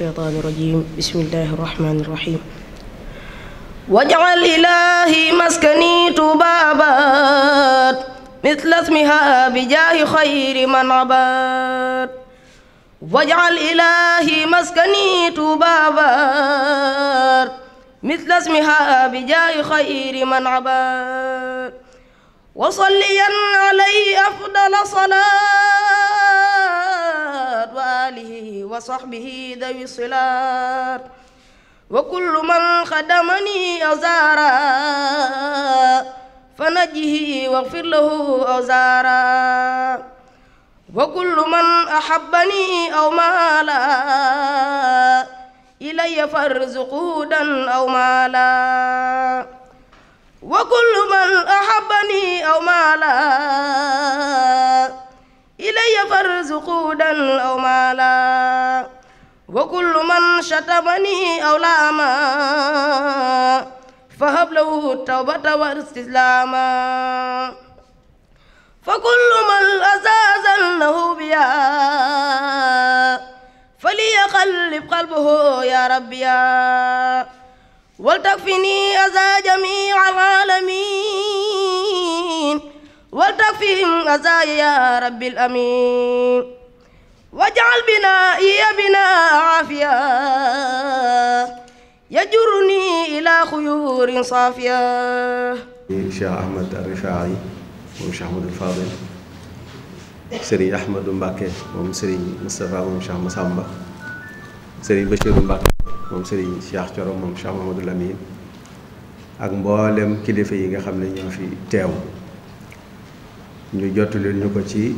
الشيطان الرجيم بسم الله الرحمن الرحيم واجعل إلهي مسكني تبابات مثل اسمها بجاه خير من عباد واجعل إلهي مسكني تبابات مثل اسمها بجاه خير من عباد وصليا علي أفضل صلاة محمد وآله وصحبه ذوي الصلات وكل من خدمني أزارا فنجه واغفر له أزارا وكل من أحبني أو مالا إلي فارزقه هدى أو مالا وكل من أحبني أو مالا إلي فارزقونا أو مالا وكل من شتمني أو لاما فهب له التوبة والاستسلاما فكل من أزازنه بيا فليقلب قلبه يا ربي ولتكفني أزا جميع العالمين وارزق فيهم غزايا يا رب الأمين واجعل بنا يا بنا عافية يجرني إلى خيور صافية شيخ أحمد الرفاعي ومش أحمد الفاضل سري أحمد مباكي ومسري مصطفى ومش أحمد سري بشير مباكي ومسري شيخ شرم ومش أحمد الأمين أكبر لهم كلفة يجي خملين في تاو ñu jottali ñu ko ci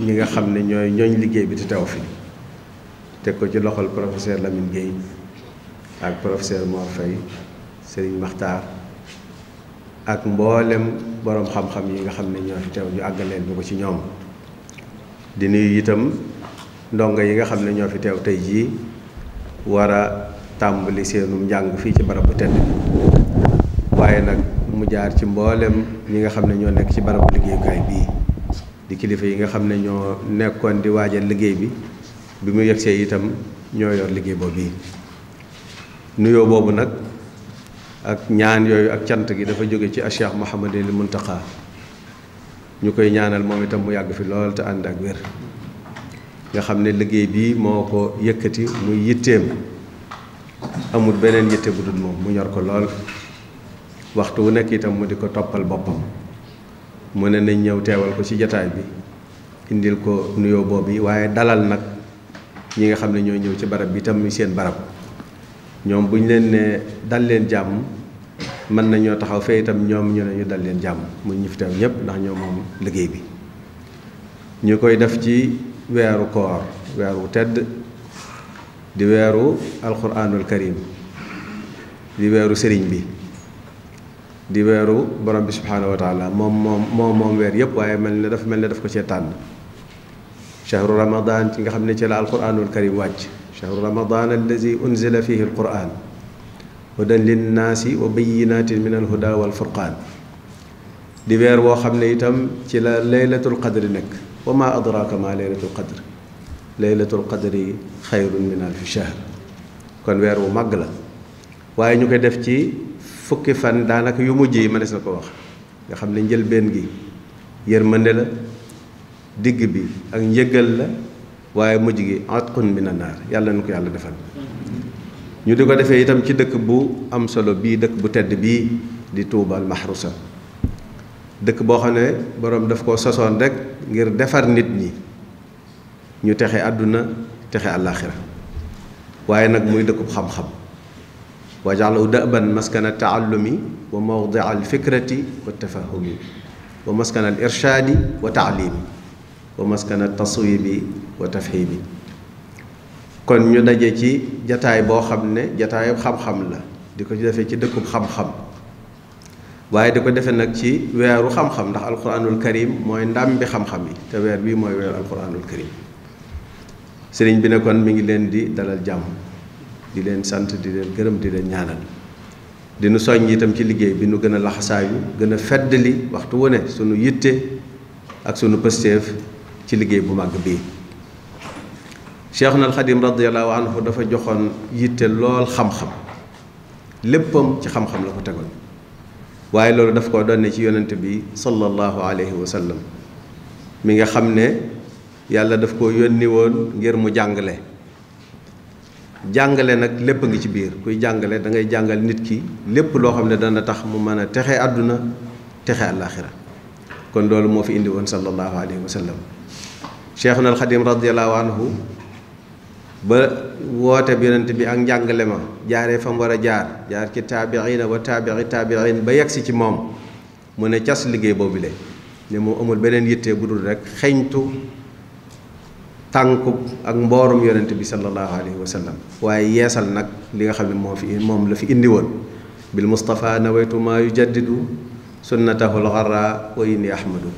ñi nga xam ne ñooy ñooñ liggéey bi te teew fi teg ko ci loxol professeur Lamine Gueye ak professeur Mor Faye Serigne Makhtar ak mboolem borom xam-xam yi nga xam ñoo fi teew ñu àggaleel ñu ko ci ñoom di nuyu itam ndongo yi nga xam ne ñoo fi teew tey jii war a tàmbali seenum njàng fii ci barab tedd waaye nag mu jaar ci mboolem ñi nga xam ne ñoo nekk ci barabu liggéeyukaay bii di kilifa yi nga xam ne ñoo nekkoon di waajal liggéey bi bi mu yegsee itam ñoo yor liggéey boobu bii nuyoo boobu nag ak ñaan yooyu ak cant gi dafa jóge ci Cheikh Mouhamadul Mountakha ñu koy ñaanal moom itam mu yàgg fi lool te ànd ak wér nga xam ne liggéey bii moo ko yëkkati mu yitteem amut beneen yitte bu moom mu ñor ko lool waxtu wu nekk itam mu di ko toppal boppam mu ne nañ ñëw teewal ko ci jataay bi indil ko nuyoo boobu yi waaye dalal nag ñi nga xam ne ñoo ñëw ci barab bi tam itam seen barab ñoom bu ñu leen ne dal leen jàmm mën nañoo taxaw fee itam ñoom ñu ne dal leen jàmm mu ñu fi teew ñëpp ndax ñoom moom liggéey bi ñu koy def ci weeru koor wu tedd di weeru alxuraanul karim di weeru sëriñ bi di weeru borom bi subhaanahu wa taala moom moom moom moom weer yëpp waaye mel ne dafa mel ne daf ko cee tànn chahru ramadan ci nga xam ne ci la alquranul karim wàcc chahru ramadan allazi unzila fihi alquran hudan linnaasi wa bayinatin min alhuda walfurqaan di weer woo xam ne itam ci la laylatul qadri nekk wa ma adraka ma laylatul qadri laylatul qadri xayrun min alfi shahr kon weer wu màgg la waaye ñu koy def ci fukki fan daanaka yu mujj yi mënees na ko wax nga xam ne njëlbeen gi yërmande la digg bi ak njëgal la waaye mujj gi atqun min annaar yàlla na ko defal ñu itam ci dëkk bu am solo bi, dëkk bu tedd di tuubal mahrusa dëkk boo xam borom daf koo sosoon rek ngir defar nit ñi ñu texe àdduna texe àllaaxira waaye nag muy xam-xam واجعله دأبا مسكن التعلم وموضع الفكرة والتفهم ومسكن الإرشاد وتعليم ومسكن التصويب وتفهيم kon ñu daje ci jataay boo xam ne jataayub xam-xam la di ko defee ci dëkkub xam-xam waaye di ko defee nag ci weeru xam-xam ndax alquranul karim mooy ndam bi xam-xam yi te weer bii mooy weeru alquranul karim sëriñ bi ne kon mi ngi leen di dalal jàmm di leen sant di leen gërëm di leen ñaanal dinu soññ itam ci liggéey bi nu gën a laxasaayu gën a feddali waxtu wone sunu yitte ak sunu pësteef ci liggéey bu màgg bii Cheikhuna al Xadim radiyallahu anhu dafa joxoon yitte lool xam-xam léppam ci xam-xam la ko tegoon waaye loolu daf koo donne ci yonent bi sallallahu alayhi wa sallam mi nga xam ne yàlla daf ko yónni woon ngir mu jàngale jàngale nag lépp a ngi ci biir kuy jàngale da ngay jàngal nit ki lépp loo xam ne dana tax mu mën a texe àdduna texe àllaaxira kon loolu moo fi indi woon sallallahu alayhi wa sallam cheikhuna alxadim radiallahu anhu ba woote bi bi ak njàngale ma jaaree fa mu war a jaar jaar ci taabiina wa taabii taabiin ba yegsi ci moom mu ne cas liggéey boobu le ne moom amul beneen yitte bu dul rekk xeñtu tànkub ak mborom yonent bi sallallahu alayhi wa sallam waaye yeesal nak li nga xamne mo fi mom la fi indi won bil mustafa nawaitu ma yujaddidu sunnatahu al lxarra wa in ahmadu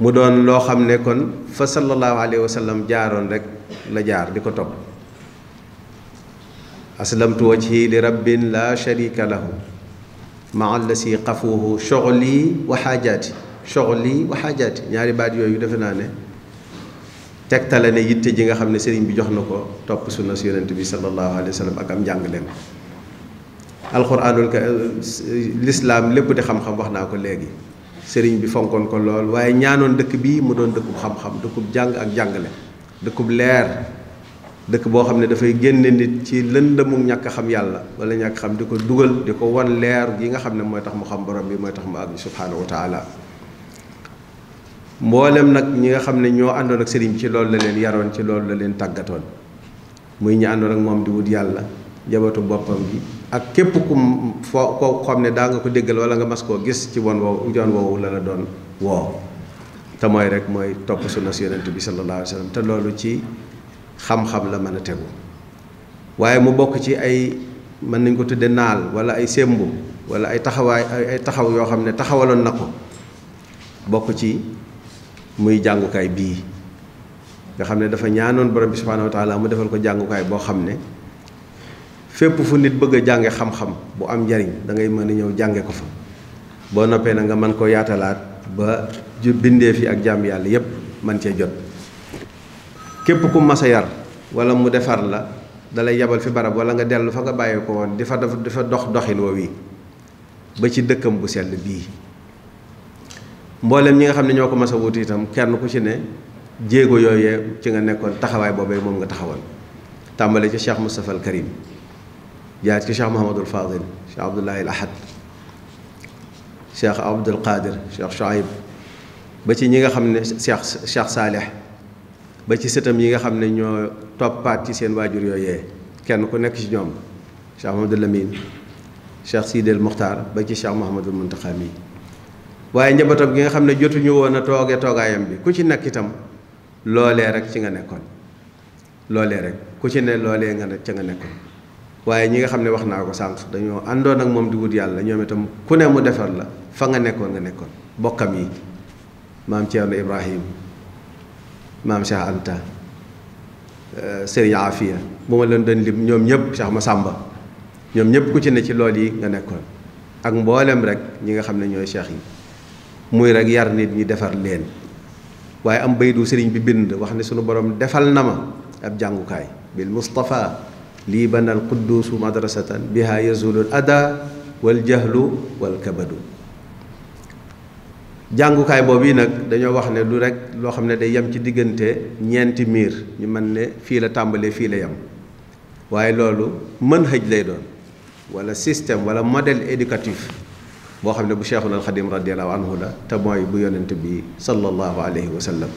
mu don lo xamne kon fa sallallahu alayhi wa sallam jaaroon rek la jaar diko top aslamtu wajhi li rabbin la sharika lahu maa allasi qafuhu shughli wa hajati shughli wa hajati ñaari baat yoyu defena ne tegtale ne yitte ji nga xam ne sëriñ bi jox na ko topp sunna yonent bi sallallahu alayhi wa ak am njàngaleem alquranul di xam-xam wax ko léegi sëriñ bi fonkoon ko lool waaye ñaanoon dëkk bii mu doon dëkkub xam-xam dëkkub jàng ak jàngale dëkkub leer dëkk boo xam ne nit ci xam wala xam wan leer gi nga xam ne tax mu xam borom bi tax mu subhanahu wa taala mboolem nag ñi nga xam ne ñoo àndoon ak sëriñ ci loolu la leen yaroon ci loolu la leen tàggatoon muy ñi àndoon ak moom di wut yàlla jabatu boppam gi ak képp kum foo ko xam ne daa nga ko déggal wala nga mas koo gis ci won woowu yoon woowu la la doon woo te mooy rek mooy topp sunna si yonent bi sallallahu alayhi wa te loolu ci xam la mën a tegu waaye mu bokk ci ay mën nañ ko tudde naal wala ay sémbu wala ay taxawaay ay taxaw yoo xam ne taxawaloon na ko bokk ci muy jàngukaay bii nga xam ne dafa ñaanoon borom bi subhanahu wa taala mu defal ko jàngukaay boo xam ne fépp fu nit bëgg a jànge xam-xam bu am njariñ da ngay mën a ñëw jànge ko fa boo noppee na nga man koo yaatalaat ba bindee fi ak jàmm yàlla yépp man cee jot képp ku mas a yar wala mu defar la dalay yabal fi barab wala nga dellu fa nga bàyyi ko woon di fa dafa dox doxin ba ci dëkkam bu sell bii mboolem ñi nga xamne ñoko massa ko wuti itam kenn ku ci ne jéego yoyé ci nga nekkon taxaway bobé mom nga taxawal tàmbale ci Cheikh Moustapha al Karim jaar ci Cheikh mohammed al Fadil Cheikh abdullah al Ahad Cheikh Abdoul Qadir Cheikh shaib ba ci ñi nga xamne Cheikh Cheikh salih ba ci sëtam yi nga xamne ño ñoo toppaat ci seen wajur yoyé kenn ku nekk ci ñom Cheikh mohammed Lamine Cheikh Sidel mukhtar ba ci Cheikh mohammed al muntakhami waaye njabootam gi nga xam ne jotuñu woon a toogee toogaayam bi ku ci nekk itam loolee rek ci nga nekkoon loolee rek ku ci ne loolee nga ca nga nekkoon waaye ñi nga xam ne wax naa ko sànq dañoo àndoon ak moom di wut yàlla ñoom itam ku ne mu defar la fa nga nekkoon nga nekkoon bokkam yi maam Thierno Ibrahim maam Cheikh Anta euh, Serigne Afia bu ma ñoom ñëpp Cheikh Massamba ñoom ñëpp ku ci ne ci lool yi nga nekkoon ak mboolem rek ñi nga xam ne ñooy cheikh yi. muy rek yar nit ñi defar leen waaye am baydu sëriñ bi bind wax ne sunu borom defal na ma ab jàngukaay bil mustafa lii banal qudduusu madrasatan biha yazulul ada wal jahlu wal kabadu jàngukaay boobu yi nag dañoo wax ne du rek loo xam ne day yem ci diggante ñeenti miir ñu mën ne fii la tàmbalee fii la yem waaye loolu mën xëj lay doon walla système wala modèle éducatif boo xam ne bu cheikhul alxadim radiallahu anhu la te mooy bu yonent bi sallallahu alayhi wa sallam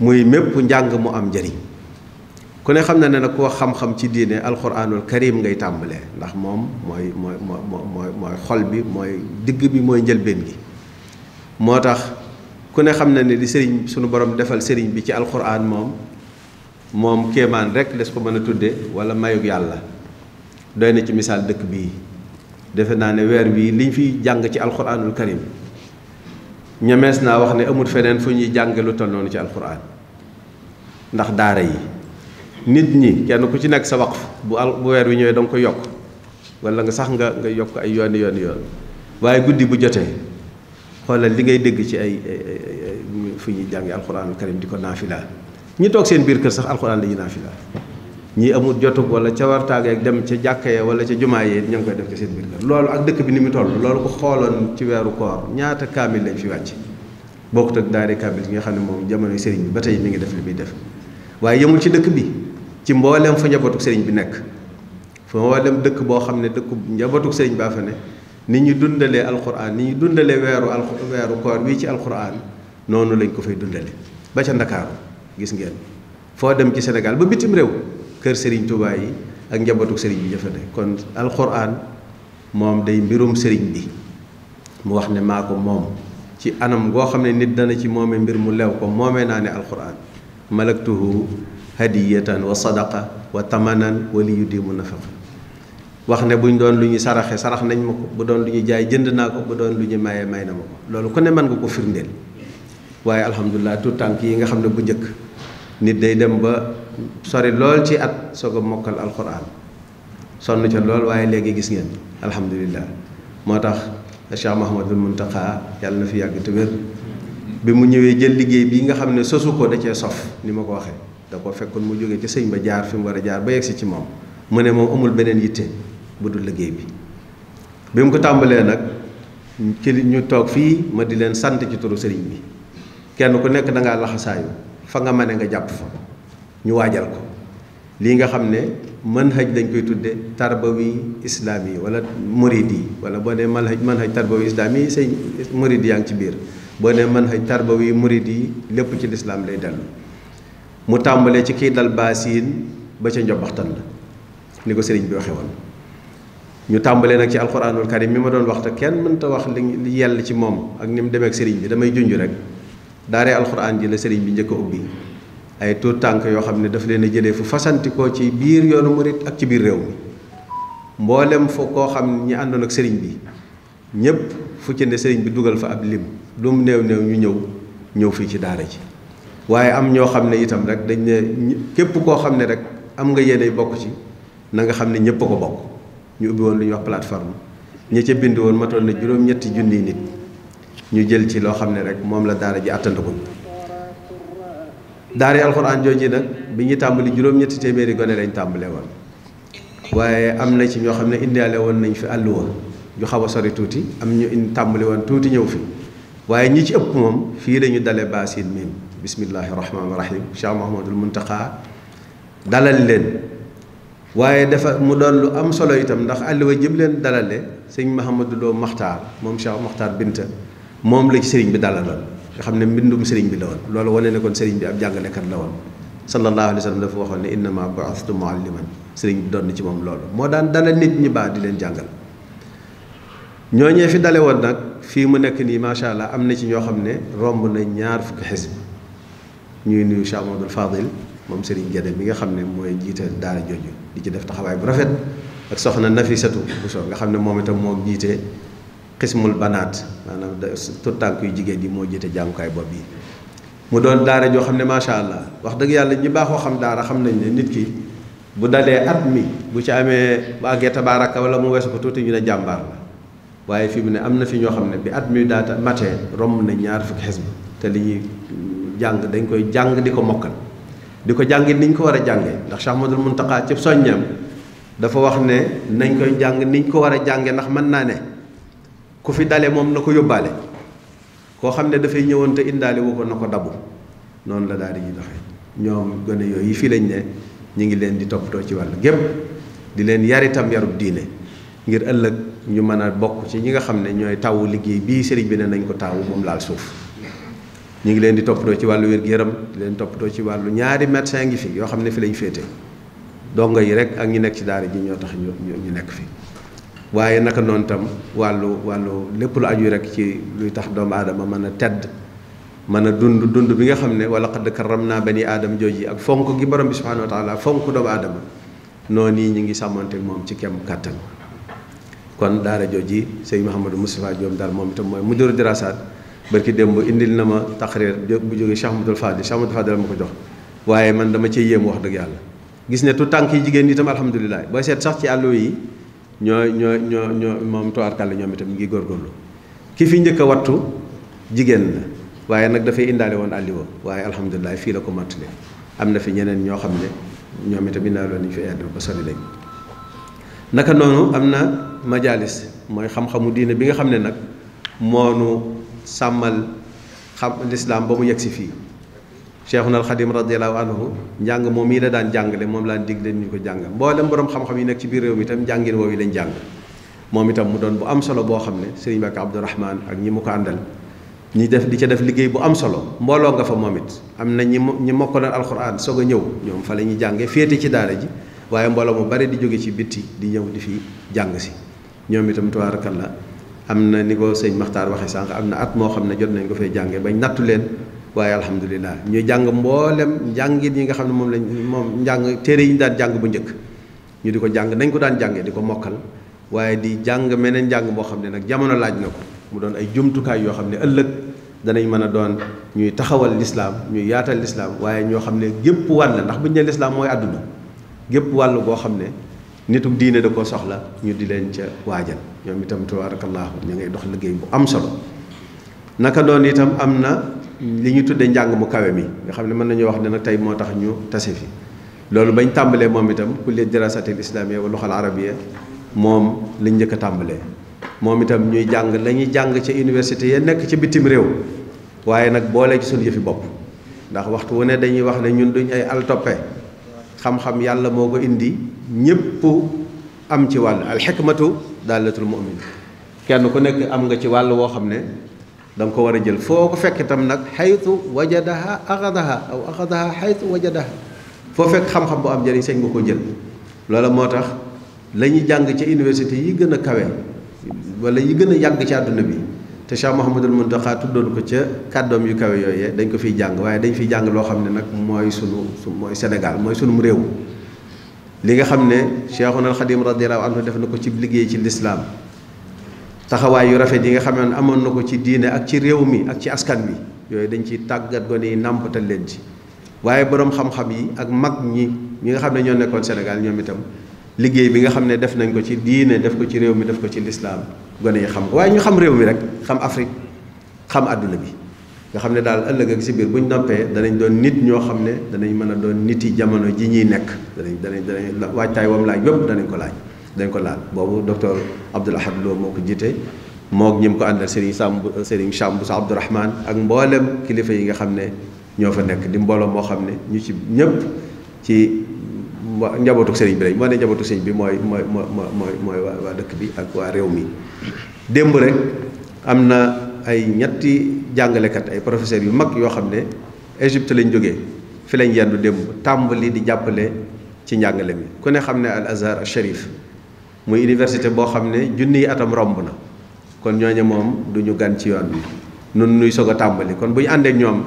muy mépp njàng mu am njëriñ ku ne xam na ne nag koo xam-xam ci diine alquranul karim ngay tàmbalee ndax moom mooy mooy mooy mooy xol bi mooy digg bi mooy njëlbeen gi moo tax ku ne xam na ne li sëriñ sunu borom defal sëriñ bi ci alquran moom moom kéemaan rek des ko mën a tudde wala mayug yàlla doy na ci misaal dëkk bii defe naa ne weer bii liñ fiy jàng ci alxuraanul karim ñemees naa wax ne amul feneen fu ñuy jànge lu toll noonu ci alxuraan ndax daara yi nit ñi kenn ku ci nekk sa waqf bu al bu weer wi ñëwee danga ko yokk wala nga sax nga nga yokk ay yoon yoon yoon waaye guddi bu jotee xoolal li ngay dégg ci ay fu ñuy jànge alxuraanul karim di ko naafila ñi toog seen biir kër sax alxuraan la ñuy naafila ñi amul jotug wala ca wartaag ak dem ca jàkka ya wala ca jumaa yi ña ngi koy def ci seen biir ak dëkk bi ni mu toll loolu xooloon weeru koor ñaata kaamil lañ fi wàcc bokkut ak daari kaamil yi nga xam ne moom jamono sëriñ bi ba tey mi ngi def li muy def waaye yemul ci dëkk bi ci mbooleem fa njabootug bi nekk fa mbooleem dëkk boo xam ne dëkk njabootug sëriñ baa ne ni ñu dundalee alquran ni ñu dundalee weeru al weeru koor wii ci alquran noonu lañ ko fay dundale ba ca ndakaaru gis ngeen foo dem ci Sénégal ba bitim réew kër sëriñ Touba yi ak njabootu Serigne bi jëfandikoo kon alxuraan moom day mbirum sëriñ bi mu wax ne maa ko moom ci anam goo xam ne nit dana ci moome mbir mu lew ko moomee naa ne alxuraan malaktuhu hadiyatan wa sadaqa wa tamanan wa li yudimu nafaqa wax ne buñ doon lu ñuy saraxe sarax nañ ma ko bu doon lu ñuy jaay jënd naa ko bu doon lu ñuy maye may na ma ko loolu ku ne mën nga ko firndeel waaye alhamdulilah tout yi nga xam ne bu njëkk nit sori lool ci at soog a mokkal alquran sonn ca lool waaye léegi gis ngeen alhamdulilah moo cheikh mahamadul muntaqa yàlla na fi yàgg te wér bi mu ñëwee jël liggéey bi nga xam ne sosu ko da cee sof ni ma ko waxee da ko fekkoon mu jógee ci sëñ ba jaar fi mu war jaar ba ci ne amul beneen yitte bu liggéey bi bi mu ko tàmbalee nag ci ñu toog fii ma di leen sant ci turu bi kenn ku nekk da laxasaayu fa nga nga fa ñu waajal ko lii nga xam ne manhaj lañ koy tudde tarbawi islaami wala muridi yi wala boo nee manhaj manhaj tarbawi islaami yi say muridi yaa ngi ci biir boo nee manhaj tarbawi muridi yi lépp ci lislaam lay dellu mu tàmbalee ci kii dal baasiin ba ca njobaxtan la ni ko sëriñ bi waxe woon ñu tàmbalee nag ci alquranul karim mi ma doon wax te kenn mënta wax li yell ci moom ak ni mu demee ak sëriñ bi damay junj rek daaree alquran ji la sëriñ bi njëkk ay tuut tànk yoo xam ne dafa leen a jëlee fu fasantikoo ci biir yoonu murit ak ci biir réew mi mboolem foo koo xam ñi àndoon ak sëriñ bi ñëpp fu ci ne sëriñ bi dugal fa ab lim lu mu néew néew ñu ñëw ñëw fii ci daara ji waaye am ñoo xam ne itam rek dañ ne képp koo xam ne rek am nga yéene bokk ci na nga xam ne ñëpp a ko bokk ñu ubbi woon lu ñuy wax plateforme ñi bind woon matoon na juróom-ñetti junniy nit ñu jël ci loo xam ne rek moom la daara ji àttandaguñ daari alxuraan jooju nag bi ñuy tàmbali juróom-ñetti téeméeri gone lañ tàmbale woon waaye am na ci ñoo xam ne indiale woon nañ fi àlluwa ju xaw a sori tuuti am ñu in tàmbali woon tuuti ñëw fi waaye ñi ci ëpp moom fii la ñu dale baasin miim bismillahi rahmaani rahim Cheikh Mahamadul Muntaqa dalal leen waaye dafa mu doon lu am solo itam ndax àlluwa jëm leen dalale sëñ Mahamaduloo Maxtaar moom Cheikh Maxtaar Binta moom la ci sëriñ bi dalaloon nga xam ne mbindum sëriñ bi la woon loolu wane ne kon sëriñ bi ab jàngalekat la woon sallallahu alayhi wa sallam dafa waxoon ne innama bu'ithtu mualliman sëriñ bi doon ci moom loolu moo daan dalal nit ñi baax di leen jàngal ñooñee fi dale woon nag fii mu nekk nii macha allah am na ci ñoo xam ne romb na ñaar fukki xisb ñuy nuyu Cheikh Amadou Fadil moom Serigne Guédé mi nga xam ne mooy jiite daara jooju di ci def taxawaay bu rafet ak soxna Nafisatu Bousso nga xam ne moom itam moo jiite xismul banaat maanaam tuttànk jigéen yi moo jiite jàngukaay bopp yi mu doon daara joo xam ne macha allah wax dëgg yàlla ñi baaxoo xam daara xam nañ ne nit ki bu dalee at mi bu ci amee bu àggee tabaaraka wala mu weesu ko tuuti ñu ne jàmbaar la waaye fi mu ne am na fi ñoo xam ne bi at mi daata matee romb na ñaar fukki xisb te li ñuy jàng dañ koy jàng di ko mokkal di ko jàng niñ ko war a jàngee ndax Cheikh Ahmadul Muntaqa ci soññam dafa wax ne nañ koy jàng niñ ko war a jàngee ndax mën naa ne ku fi dale moom na ko yóbbaale koo xam ne dafay ñëwoon te indaale wu ko na ko dabu noonu la daal di doxee ñoom gone yooyu yi fii lañ ne ñu ngi leen di toppatoo ci wàllu gépp di leen yaritam yarub diine ngir ëllëg ñu mën a bokk ci ñi nga xam ne ñooy tawu liggéey bii sëriñ bi ne ko tawu moom laal suuf ñu ngi leen di toppatoo ci wàllu wér gu leen toppatoo ci wàllu ñaari médecin ngi fi yoo xam ne fi lañ féete dongo yi rek ak ñu nekk ci daara ji ñoo tax ñu ñu nekk fi waaye naka noonu tam wàllu wàllu lépp lu aju rek ci luy tax doomu aadama mën a tedd man a dund dund bi nga xam ne wala xadd karam naa ba bani aadama jooji ak fonk gi borom bi subhanahu wa taala fonk doomu adama noon yi ñu ngi sàmmante moom ci kem kàttan kon daara jooji sëñ Mouhamadou Moustapha Diom daal moom itam mooy mu mudiru dirasaat barki démb indil na ma taqrir bu jógee Cheikh Amadou Fadil Cheikh ma ko jox waaye man dama cee yéem wax dëgg yàlla gis ne tànk yi jigéen ñi itam alhamdulilah booy seet ci àllo yi ñoo ñoo ñoo moom tuwaarkàlla ñoom itam ñu ngi góorgóorlu ki fi njëkk a wattu jigéen la waaye nag dafay indaale woon àlliwoo waaye alhamdulilah fii la ko mottali am na fi ñeneen ñoo xam ne ñoom itam indaale woon nañu fi àddu ba sori lañ naka noonu am na majalis mooy xam-xamu diine bi nga xam ne nag moonu sàmmal xam lislaam ba mu yegg si fii cheikhuna al khadim radiyallahu anhu njàng moom yi la daan jàngale moom laan digle ñu ko jàng mitam borom xam-xam yi nekk ci biir mi lañ mu bu am solo bo xam ne sëriñ bakk abdourahman ak ñi mu ko àndal ñi def di def bu am solo mbooloo nga fa moom it am na ñi ñi mokkaloon alquran so a ñëw ñoom fa la ñuy jàngee ci daara ji waaye mbooloo mu bari di jóge ci di di fi jàng si ñoom itam tubaarakalla am na ni ko sëñ maxtaar waxe sànq am at moo xam jot nañ ko fay jàngee bañ waaye alhamdulilah ñu jàng mboolem njàngit yi nga xam ne moom lañ moom njàng téere yi ñu daan jàng bu njëkk ñu di ko jàng nañ ko daan jàngee di ko mokkal waaye di jàng meneen njàng boo xam ne nag jamono laaj na ko mu doon ay jumtukaay yoo xam ne ëllëg danañ mën a doon ñuy taxawal lislaam ñu yaatal lislaam waaye ñoo xam ne gépp wàll ndax bu ñu nee lislaam mooy àdduna gépp wàll boo xam ne nituk diine da koo soxla ñu di leen ca waajal ñoom itam tabaarakallaahu ñu ngay dox liggéey bu am solo li ñu tuddee njàng mu kawe mi nga xam ne mën nañu wax ne nag tey moo tax ñu tase fi loolu bañ tàmbalee moom itam kulliyat dirasatil islamiyya wa luxal arabiyya moom lañ njëkk a tàmbalee itam ñuy jàng la ñuy jàng université ya nekk ci bitim réew waaye nag boole ci suñu yëfi bopp ndax waxtu wu dañuy wax ne ñun duñ ay altoppe xam-xam indi nyepu am ci al alxikmatu daalatul mu'min kenn ku nekk am nga ci wàll woo danga ko war a jël foo ko fekk itam nag xaytu wajadaha axadaha aw axadaha xaytu wajadaha foo fekk xam-xam bu am jëriñ sañ nga ko jël loola moo tax la ñuy jàng ca université yi gën a kawe walla yi gën a yàgg ci àdduna bi te Cheikh Mouhamadul Mountakha tuddoon ko ca kàddoom yu kawe yooyee dañ ko fiy jàng waaye dañ fiy jàng loo xam ne nag mooy sunu mooy Sénégal mooy sunum réew li nga xam ne Cheikhuna al Xadim radiyallahu anhu def na ko ci liggéey ci lislaam taxawaay yu rafet yi nga xam ne amoon na ko ci diine ak ci réew mi ak ci askan wi yooyu dañ ci tàggat gone yi nàmpatal leen ci waaye boroom xam-xam yi ak mag ñi ñi nga xam ne ñoo nekkoon Sénégal ñoom itam liggéey bi nga xam ne def nañ ko ci diine def ko ci réew mi def ko ci lislaam gone yi xam ko waaye ñu xam réew mi rek xam Afrique xam àdduna bi nga xam ne daal ëllëg ak si biir bu ñu noppee danañ doon nit ñoo xam ne danañ mën a doon nit yi jamono ji ñuy nekk danañ danañ danañ waajtaay wam laaj yépp danañ ko laaj dañ ko laal boobu docteur Abdoul Ahad Lo moo ko jiite moo ñim ko àndal Serigne Samb Serigne Chamb sa Abdourahman ak mboolem kilifa yi nga xam ne ñoo fa nekk di mbooloo moo xam ne ñu ci ñëpp ci njabootu sëriñ bi lañ moo ne njabootu sëriñ bi mooy mooy mooy mooy waa dëkk bi ak waa réew mi. démb rek am na ay ñetti jàngalekat ay professeurs yu mag yoo xam ne Égypte lañ jógee fi lañ yendu démb tàmbali di jàppale ci njàngale mi ku ne xam ne al Azhar al muy université boo xam ne junniy atam romb na kon ñooñu moom du ñu gan ci yoon bi nun nuy soog a tàmbali kon bu ñu àndeek ñoom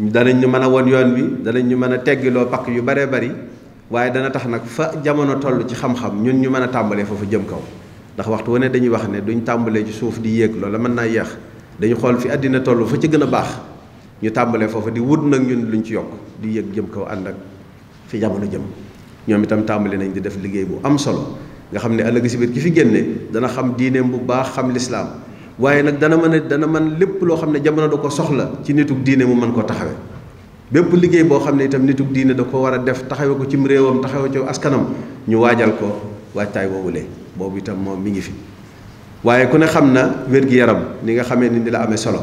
danañ ñu mën a won yoon bi danañ ñu mën a teggiloo pakk yu baree bari waaye dana tax nag fa jamono toll ci xam-xam ñun ñu mën a tàmbalee foofu jëm kaw ndax waxtu wane dañuy wax ne duñ tàmbalee ci suuf di yéeg loola mën naa yéex dañu xool fi àddina toll fa ci gën a baax ñu tàmbalee foofu di wut nag ñun luñ ci yokk di yéeg jëm kaw ànd ak fi jamono jëm ñoom itam tàmbali nañ di def liggéey bu am solo nga xam ne ëllëg si biir ki fi génne dana xam diineem bu baax xam lislaam waaye nag dana mën dana mën lépp loo xam ne jamono da ko soxla ci nituk diine mu mën koo taxawe bépp liggéey boo xam ne itam nituk diine da ko war a def taxawe ko cim réewam taxawe ko askanam ñu waajal ko waajtaay woowulee boobu itam moom mi ngi fi waaye ku ne xam na wér-gi-yaram ni nga xamee ni ni la amee solo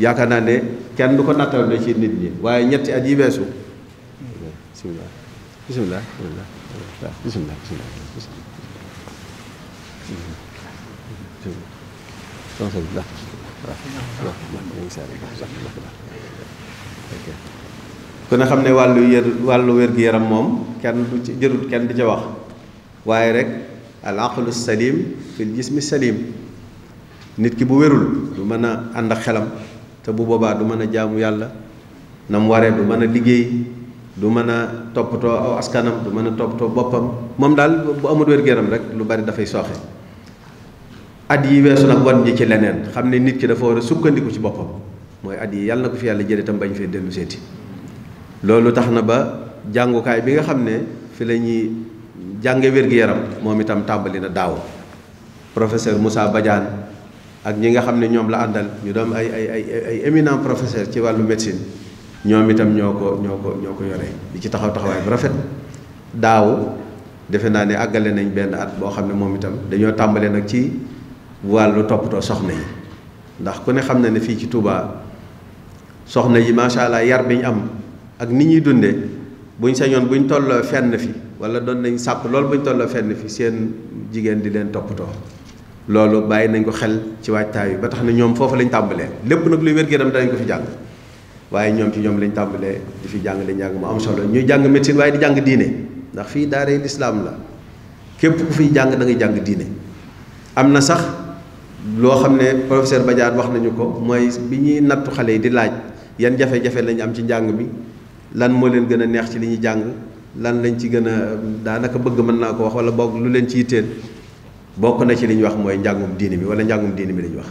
yaakaar naa ne kenn du ko nattal ne ci nit ñi waaye ñetti at yi weesu bismillah bismillah soxna Sali ku ne xam ne wàllu yër wàllu wér-gu-yaram moom kenn du ci jërut kenn du ca wax waaye rek al aqlu salim fil jismi salim nit ki bu wérul du mën a ànd ak xelam te bu boobaa du mën a jaamu yàlla na mu waree du mën a liggéey du mën a toppatoo aw askanam du mën a toppatoo boppam moom daal bu amul wér-gu-yaram rek lu bari dafay sooxe Adi yi weesu nag wan ñi ci leneen xam ne nit ki dafa war a sukkandiku ci boppam mooy at yi yàlla fi tam bañ ba jàngukaay bi nga xam ne fi la ñuy jànge wér-gi-yaram moom itam tàmbali na daaw professeur Moussa Badiane ak ñi nga xam ne ñoom la àndal ñu doon ay ay ay ay professeur ci wàllu médecine ñoom itam ñoo ko ñoo ko yore di ci taxaw taxawaay bu rafet ne àggale nañ benn at boo xam ne moom itam ci wàllu toppatoo soxna yi ndax ku ne xam na ne fii ci Touba soxna yi allah yar bi am ak ni ñuy dundee buñ sañoon buñ tolloo fenn fi wala doon nañ sàpp loolu buñ tolloo fenn fi seen jigéen di leen toppatoo loolu bàyyi nañ ko xel ci waajtaay yi ba tax na ñoom foofu lañ tàmbalee lépp nag luy wér-gu-yaram ko fi jàng waaye ñoom ci ñoom lañ tàmbalee di fi jàngale njàng mu am solo ñuy jàng médecine waaye di jang diine ndax fii daaree lislaam la képp ku fiy jàng da ngay jàng am na sax loo xam ne professeur Badiane wax nañu ko mooy bi ñuy nattu di laaj yan jafe-jafe lañu am ci njàng mi lan moo leen gën a neex ci lan lañ ci gën a daanaka bëgg mën naa ko wax wala boog lu leen ci yitteel bokk na ci li ñu wax mooy njàngum diine mi wala jangum diine bi la wax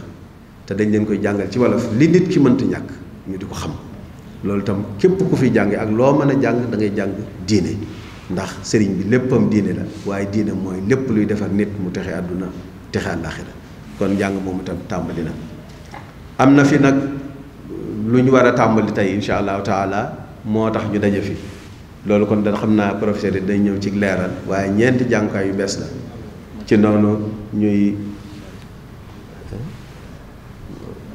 te dañ leen koy jàngal ci wolof li nit ki mënta ñu xam tam képp ku fi jànge ak mana mën a jàng da ngay jàng diine ndax sëriñ bi léppam diine la waaye diine mooy lépp luy defar nit mu texe àdduna texe àllaaxira kon njàng moomu itam tàmbali na am na fi nag lu ñu war a tàmbali tey incha allah taala moo tax ñu daje fi loolu kon da xam naa professeur yi day ñëw ci leeral waaye ñeenti jàngukaay yu bees la ci noonu ñuy eh?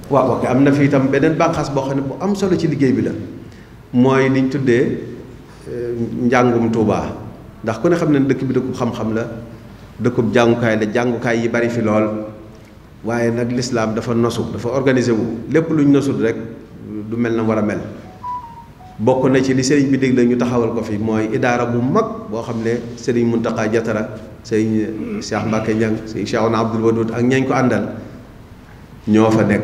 waaw ok am na fi itam beneen bànqaas boo xam ne bu am solo ci liggéey bi la mooy niñ tuddee eh, njàngum Tuubaa ndax ku ne xam ne dëkk bi dëkkub xam-xam la dëkku jàngukaay la jàngukaay yi bari fi lool waye nak l'islam dafa nosu dafa organiser wu lépp luñ nosul rek du melna wara mel bokku na ci li serigne bi digle ñu taxawal ko fi moy idara bu mag bo xamne serigne muntaka Jatara serigne Cheikh mbake ñang serigne cheikh ona Abdoul Wadoud ak ñang ko àndal ñoo fa nek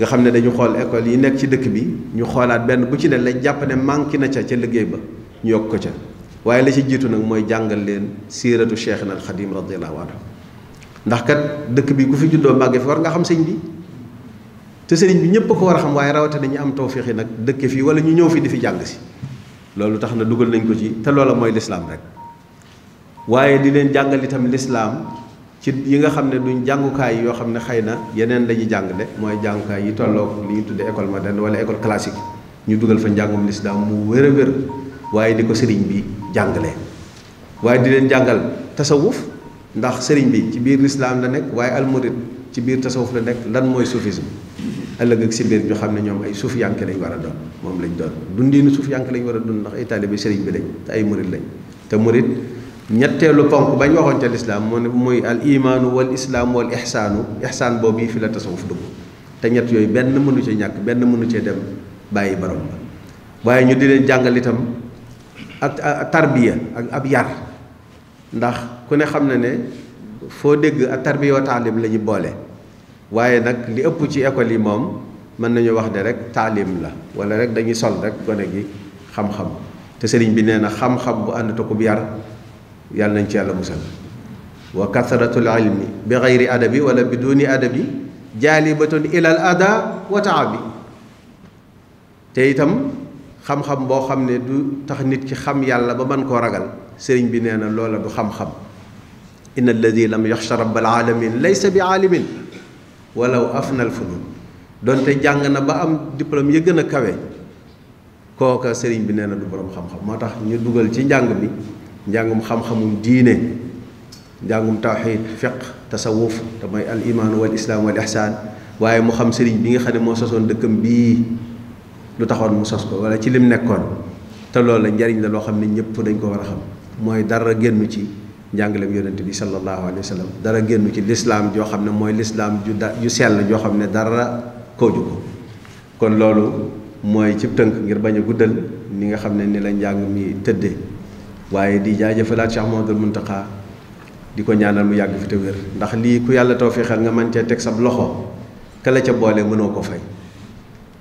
nga xamne dañu xol école yi nek ci dëkk bi ñu xolaat ben bu ci ne lañ jàpp ne manki na ca ci liggey ba ñu yokk ko ca waye la ci jitu nak moy jàngal leen siratu cheikh al khadim radiyallahu anhu ndax kat dëkk bi ku fi juddoo màggee fi war nga xam sëñ bi te sëriñ bi ñëpp ko war a xam waaye rawate nañu am tawfiix nag dëkke fii wala ñu ñëw fi di fi jàng si loolu tax na dugal nañ ko ci te loola mooy lislaam rek waaye di leen jàngal itam lislaam ci yi nga xam ne duñ jàngukaay yoo xam ne xëy na yeneen la ñuy jàngale mooy jàngukaay yi tolloog li ñu tuddee école moderne wala école classique ñu dugal fa njàngum lislaam mu wér a wér waaye di ko sëriñ bi jàngale waaye di leen jàngal tasawuf ndax sëriñ bi ci biir lislaam la nekk waaye almurid ci biir tasawuf la nekk lan mooy soufisme ëllëg ak si biir ñu xam ne ñoom ay suuf yanke lañ war a doon moom lañ doon dundiinu suuf yanke lañ war a dund ndax ay taalibe sëriñ bi lañ te ay murid lañ te murid ñetteelu ponk bañ waxoon ca lislaam moo ne mooy al imaanu wal islaam wal ixsaanu ixsaan boobu yi fi la tasawuf dugg te ñett yooyu benn mënu cee ñàkk benn mënu cee dem bàyyi borom ba waaye ñu di leen jàngal itam ak ak ab yar ndax ku ne xam na ne foo dégg ak tarbiya wa taalim la ñu boole waaye nag li ëpp ci école yi moom mën nañu wax ne rek taalim la wala rek dañuy sol rek gone gi xam-xam te sëriñ bi nee na xam-xam bu ànd takub yar yàlla nañ ci yàlla musal wa kathratul ilmi bi gayri adabi wala bi duni adabi jaalibatun ilal ada wa taabi te itam xam-xam boo xam ne du tax nit ki xam yàlla ba man koo ragal sëriñ bi nee na loola du xam-xam inna alladi lam yaxsha rabbal alamin laysa bi aalimin walaw afnal funun donte jàng na ba am diplôme ya gën a kawe kooka sëriñ bi nee na du borom xam-xam moo tax ñu dugal ci njàng mi njàngum xam-xamum diine njàngum tawxid fiq tasawuf te mooy al iman wal islaam wal ihsaan waaye mu xam sëriñ bi nga xam ne moo sosoon dëkkam bii lu taxoon mu sos ko wala ci lim nekkoon te loolu la njariñ la loo xam ne ñëpp dañ ko war a xam mooy dara génn ci njàngaleem yonent bi sallallahu Alaihi Wasallam sallam dara génn ci lislaam joo xam ne mooy lislaam ju da ju sell joo xam dara kooju ko kon loolu mooy ci tënk ngir bañ a guddal ni nga xam ni la njàng mi tëddee waaye di jaajëfalaat cheikh ko ñaanal mu yàgg fi te wér ndax lii ku yàlla tawféexal nga man cee teg sab loxo kala ca boole mënoo ko fay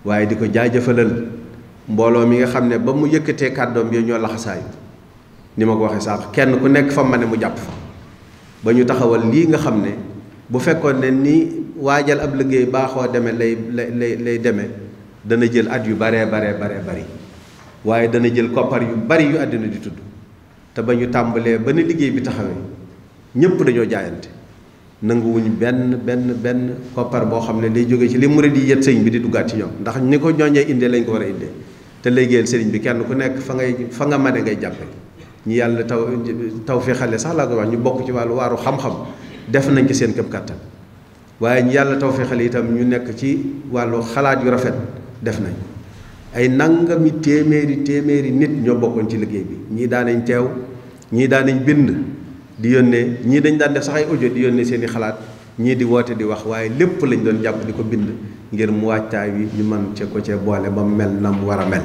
waaye di ko jaajëfalal mi nga xam ne ba mu yëkkatee kàddoom yi ya ñoo ni ma ko waxee sànq kenn ku nekk fa ma ne mu jàpp fa ba ñu taxawal lii nga xam ne bu fekkoon ne ni waajal ab liggéey baaxoo demee lay lay lay demee dana jël at yu baree baree baree bari waaye dana jël koppar yu bari yu àddina di tudd te ba ñu tàmbalee ba ni liggéey bi taxawee ñëpp dañoo jaayante nanguwuñ benn benn benn koppar boo xam ne day jóge ci li murid yi yet sëñ bi di duggaat ci ñoom ndax ni ko ñooñee indee lañ ko war a indee te léegéeyal sëriñ bi kenn ku nekk fa ngay fa nga mane ngay jàppe ñi yàlla taw taw fee sax laa koy wax ñu bokk ci wàllu waaru xam-xam def nañ ci seen kéem kàttan waaye ñi yàlla taw fee itam ñu nekk ci wàllu xalaat yu rafet def nañ ay nangami téeméeri téeméeri nit ñoo bokkoon ci liggéey bi ñii daanañ teew ñii daanañ bind di yónnee ñii dañ daan def sax ay audio di yónnee seen i xalaat ñii di woote di wax waaye lépp lañ doon jàpp di ko bind ngir mu waajtaay wi ñu mën cee ko cee boole ba mu mel na mu war a mel.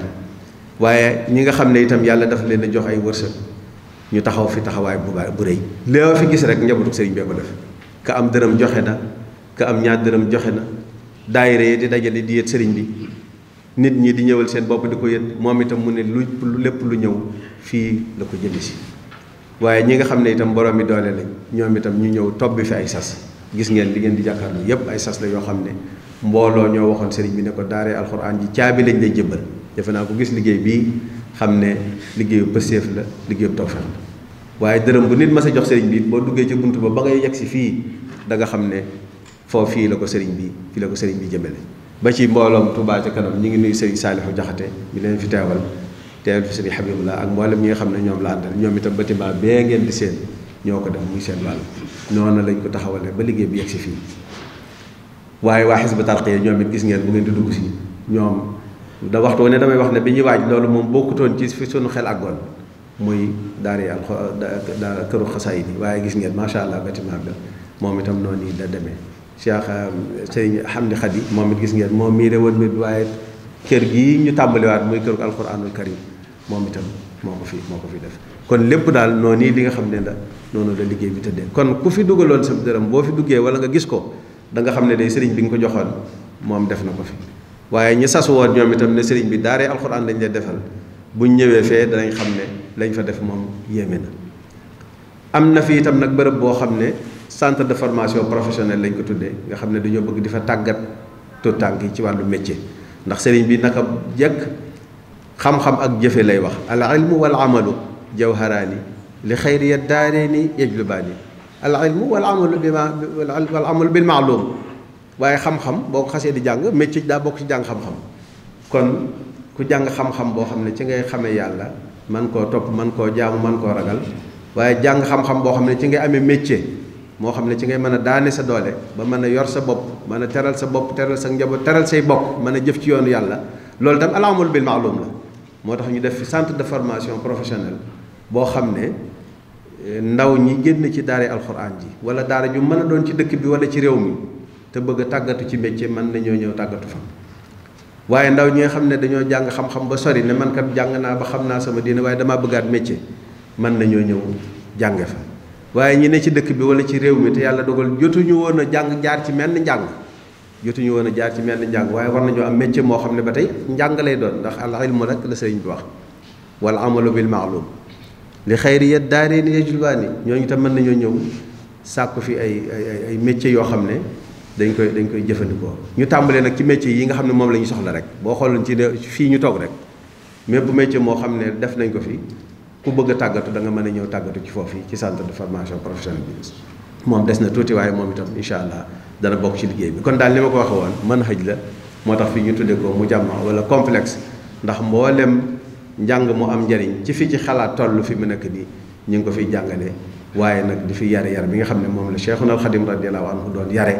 waaye ñi nga xam ne itam yàlla dafa leen a jox ay wërsëg ñu taxaw fi taxawaay bu bu rëy loo fi gis rek njabootu sëriñ bee ko def ka am dërëm joxe na ka am ñaar dërëm joxe na daayira yi di dajale di yët sëriñ bi nit ñi di ñëwal seen bopp di ko yët moom itam mu ne lu lépp lu ñëw fii la ko jënd si waaye ñi nga xam ne itam borom mi doole lañ ñoom itam ñu ñëw tobbi fi ay sas gis ngeen li ngeen di jàkkaarloo yépp ay sas la yoo xam ne mbooloo ñoo waxoon sëriñ bi ne ko daaree alxuraan ji caabi lañ lay jëbbal defe naa ko gis liggéey bii xam ne liggéeyu pëseef la liggéeyu tawfeex la waaye dërëm bu nit mas a jox sëriñ bi boo duggee ci bunt ba ba ngay yegg si fii da nga xam ne foo fii la ko sëriñ bi fii la sëriñ bi jëmale ba ci mbooloom Touba ca kanam ñu ngi nuyu sëriñ Saalixu Jaxate mi leen fi teewal teewal fi sëriñ Habibullah ak mboolem ñi nga xam ne ñoom la àndal ñoom itam bâtiment bee ngeen di seen ñoo ko def muy seen wàll noonu lañ ko taxawalee ba liggéey bi yegg si fii waaye waa xisbu tarqiya ñoom it gis ngeen bu ngeen di dugg si ñoom da waxtoo ne damay wax ne bi ñuy waaj loolu moom bokkutoon ci fi suñu xel àggoon muy daari alxo daara këru xasaay bi waaye gis ngeen macha allah bâtiment bi moom itam noonu nii la demee Cheikh um, Sëriñ Hamdi Khadi moom it gis ngeen moom mii rewoon mbir bi waaye kër gii ñu tàmbaliwaat muy këru alxuraanul karim moom itam moo ko fi moo ko fi def kon lépp daal noonu nii li nga xam ne la noonu la liggéey bi tëddee kon ku fi dugaloon sa dërëm boo fi duggee wala nga gis ko danga xam ne day sëriñ bi nga ko joxoon moom def na ko fi waye ñi sasu woon ñoom itam ne sëriñ bi daaree alxuraan lañ lay defal bu ñëwé fé dañ xamné lañ fa def mom yéména amna fi itam nak bërepp bo xamné centre de formation professionnelle lañ ko tuddé nga xamné dañu bëgg difa tagat to tuutànk ci walu métier ndax sëriñ bi naka jek xam-xam ak jëfe lay wax al ilmu wal amalu jawharani li khayri ya daareeni yajlubaani al ilmu wal amalu bima wal amalu bil ma'lum waaye xam-xam boo ko xasee di jàng métier daa bokk ci jàng xam-xam kon ku jàng xam-xam boo xam ne ci ngay xamee yàlla man koo topp man koo jaamu man koo ragal waaye jàng xam-xam boo xam ne ci ngay amee métier moo xam ne ci ngay mën a daane sa doole ba mën a yor sa bopp mën a teral sa bopp teral sa njaboot teral say bokk mën a jëf ci yoonu yàlla loolu tam alaamul bil maalum la moo tax ñu def fi centre de formation professionnelle boo xam ne eh, ndaw ñi génn ci daara alxuraan ji wala daara mën a doon ci dëkk bi wala ci réew mi te bëgg a tàggatu ci métier mën nañoo ñëw tàggatu fa waaye ndaw ñi xam ne dañoo jàng xam-xam ba sori ne man kat jàng naa ba xam naa sama diine waaye damaa bëggaat métier mën nañoo ñëw jànge fa waaye ñu ne ci dëkk bi wala ci réew mi te yàlla dogal jotuñu woon a jàng jaar ci menn njàng jotuñu woon a jaar ci menn njàng waaye war nañoo am métier moo xam ne ba tey njàng lay doon ndax al ilmu rek la sëriñ bi wax wala amalu bil maalum li xayri ya daareeni yajulbaani ñooñu tam mën nañoo ñëw sàkku fi ay ay ay yoo xam ne dañ koy dañ koy jëfandikoo ñu tàmbalee nag ci métier yi nga xam ne moom la ñu soxla rek boo xooloon ci de fii ñu toog rek mais bu métier moo xam ne def nañ ko fi ku bëgg a tàggatu da mën a ñëw tàggatu ci foofu ci centre de formation professionnelle bi moom des na tuuti waaye moom itam incha allah dana bokk ci liggéey bi kon daal li ma ko waxee woon mën xëj la moo tax fii ñu tuddee ko mu jàmm wala complexe ndax lem njàng mu am njariñ ci fi ci xalaat toll fi mu nekk nii ñu ngi ko fiy jàngalee waaye nag di fi yare yar bi nga xam ne moom la Cheikhul Khadim radiyallahu anhu doon yare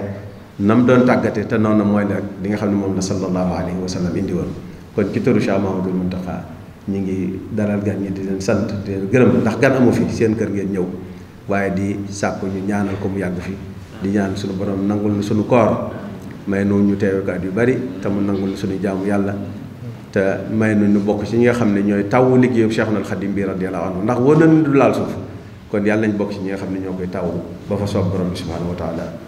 nam doon tàggate te noonu mooy la li nga xam ne moom la sallallahu alayhi wa sallam indi woon kon ci turu Cheikh Mahamadul Muntaxa ñi ngi dalal gan ñi di leen sant di leen gërëm ndax gan amu fi seen kër ngeen ñëw waaye di sàkku ñu ñaanal ko mu yàgg fi di ñaan suñu borom nangul nu suñu koor may nu ñu teewekaat yu bari te mu nangul nu suñu jaamu yàlla te may nu ñu bokk ci ñi nga xam ne ñooy taw liggéeyu Cheikhul Khadim bi radiyallahu anhu ndax wóor nañu du laal suuf kon yàlla nañ bokk ci ñi nga xam ne ñoo koy taw ba fa soob borom bi subhanahu wa taala